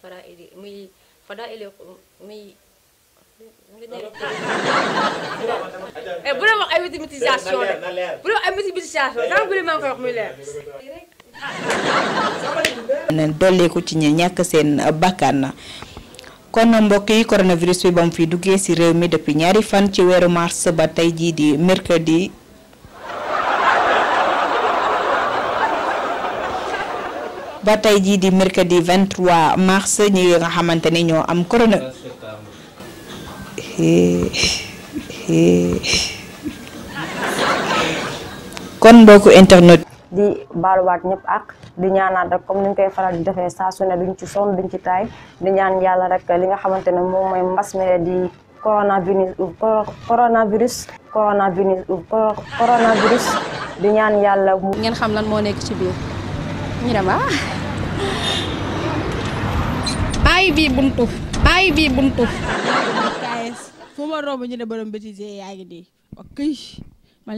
faraa'idi eh, ci ñi ñàkk seen uh, bakkan na kon mbokk coronavirus bi ba fi duggee ci réew mi depuis ñaari fan ci weeru mars ba tey jii di mercredi. ba tey jii di mercredi 23 mars ñi nga xamante ne ñoo am corona. kon mbokku internet. di baaluwaat ñëpp ak di ñaanaat rek comme ni koy faral di defee saa su ne ci sonn duñ ci taay di ñaan yàlla rek li nga xamante ne moom mooy mbas mi di coronavirus coronavirus coronavirus di ñaan yàlla. ngeen xam lan moo nekk ci biir. ñu dem ah. ay buntu. ay bii buntu. fu ma romb ñu ne borom bêtisier yaa ngi nii ok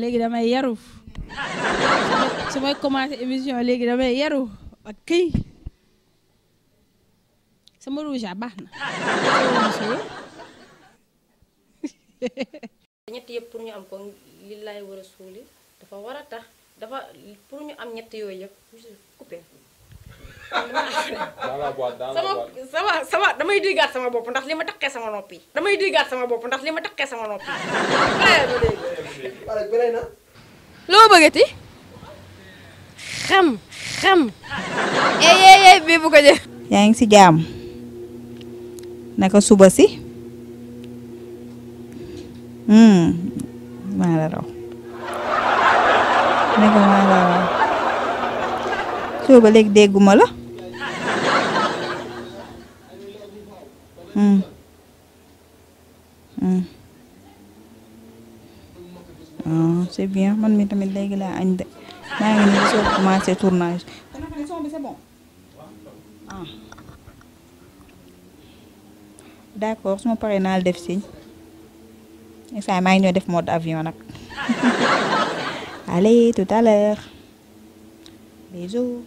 léegi damay yaru su may commencé émission léegi damay yaru ok sama rouge à baax na. ñett yëpp pour ñu am ko li laay war dafa war dafa pour ñu am ñett yooyu yëpp sama sama sama damay déggaat sama bopp ndax li ma taqee sama nopp damay déggaat sama bopp ndax li ma taqee sama nopp yi. loo bëggati xam xam. eh eh, eh bii bu ko jëf. yaa ngi si jaam naka suba si. Hmm, maa la raw. ne ko waaw waaw waaw ba léegi dégguma la hmm. Hmm. Ah, c'est bien man mi tamit léegi laa añ de maa ngi nii soo commencé tournage ah. d'accord su ma paree naa la def siñ saa maa ngi ñoo def mode avion nag Allez, tout à l'heure. Bisous.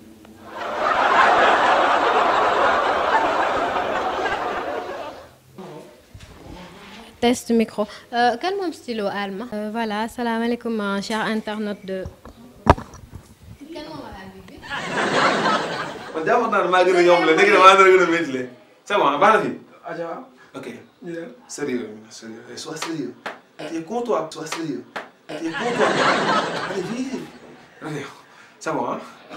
test micro. Euh, quel mon stylo Alma euh, Voilà, salam alaikum, cher internaute de. Quel moment la Bibi Man, maa gën a yomb la, nekk maa gën a métti la. C'est bon, baax na fi. Ok. Sérieux, sérieux. Eh, sois sérieux. T'es con toi, sois sérieux. allez bien quoi allez bien. rajo ça va ah.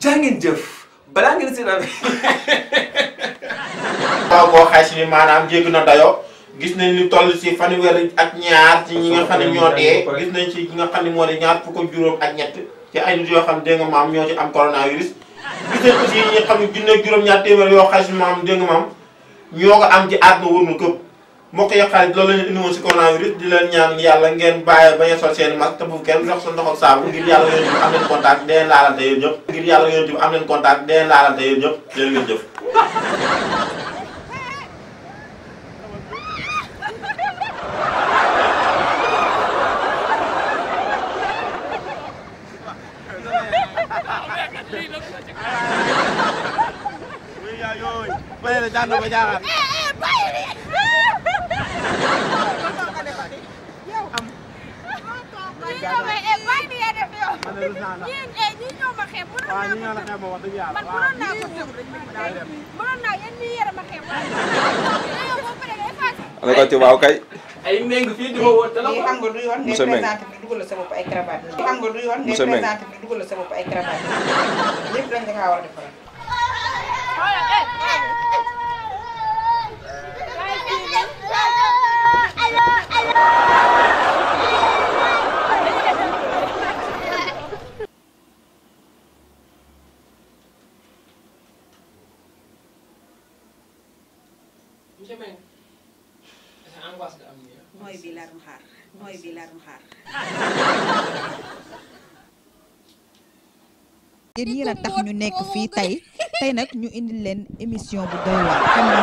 jaa ngeen jëf balaa ngeen si boo xay si bi maanaam jéggi na dayo gis nañ li toll si fanweer ak ñaar ci ñi nga xam ne ñoo dee gis nañ ci ñi nga xam ne moo di ñaar fukk ak juróom ak ñett ci ay yoo xam dégg maam ñoo ci am coronavirus. gis nañ aussi ñi nga xam ne juróom-ñaar téeméer yoo xay si maam dégg maam ñoo ko am ci àdduna wër na këpp. mbokk yi xarit loolu la ñu indi woon si coronavirus di leen ñaan yàlla ngeen bàyyi bañ a sol seen masque te bu kenn dox sa ndox ak saabu ngir yàlla yonent bi am leen contact deen laalante yéen ñëpp ngir yàlla yonent bi am leen contact deen laalante yéen ñëpp jërë ngeen jëf Bueno, ya no me llaman. yéen eh ñii ñoo ma xeeb. waaw ñii ñoo la xeeb wax dëgg yàlla waaw man mënoon naa ko tëb mënoon naa yéen ñii yéen a ma xeeb. yow boo paree day fàtte. ne ko ci waaw kay. ay méng fii di ma woo te la ko. xam nga du yoon ngay présenté bi dugal la sa bopp ay cravate. xam nga du yoon ngay présenté bi dugal la sa bopp ay cravate. lépp dañ da ngaa war a defaral. allo allo. monsieur Mbengue. c'est tax ñu nekk fii tey tey nag ñu indi leen émission bu doy waar comme ni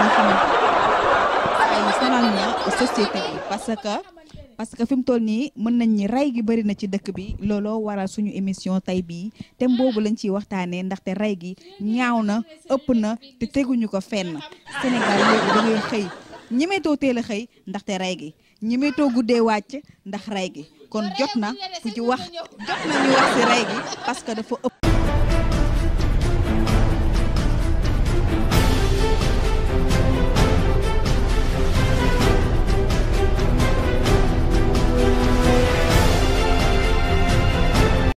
ñu sonal na société bi parce que. parce que fi mu toll nii mën nañ ñi rey gi bëri na ci dëkk bi looloo waral suñu émission tey bii te mboobu lañ ciy waxtaanee ndaxte rey gi ñaaw na ëpp na te teguñu ko fenn Sénégal léegi da ngay xëy ñemeetoo teel a xëy ndaxte rey gi ñemeetoo guddee wàcc ndax rey gi kon jot na ku ci wax jot na ñu wax si rey gi parce dafa ëpp.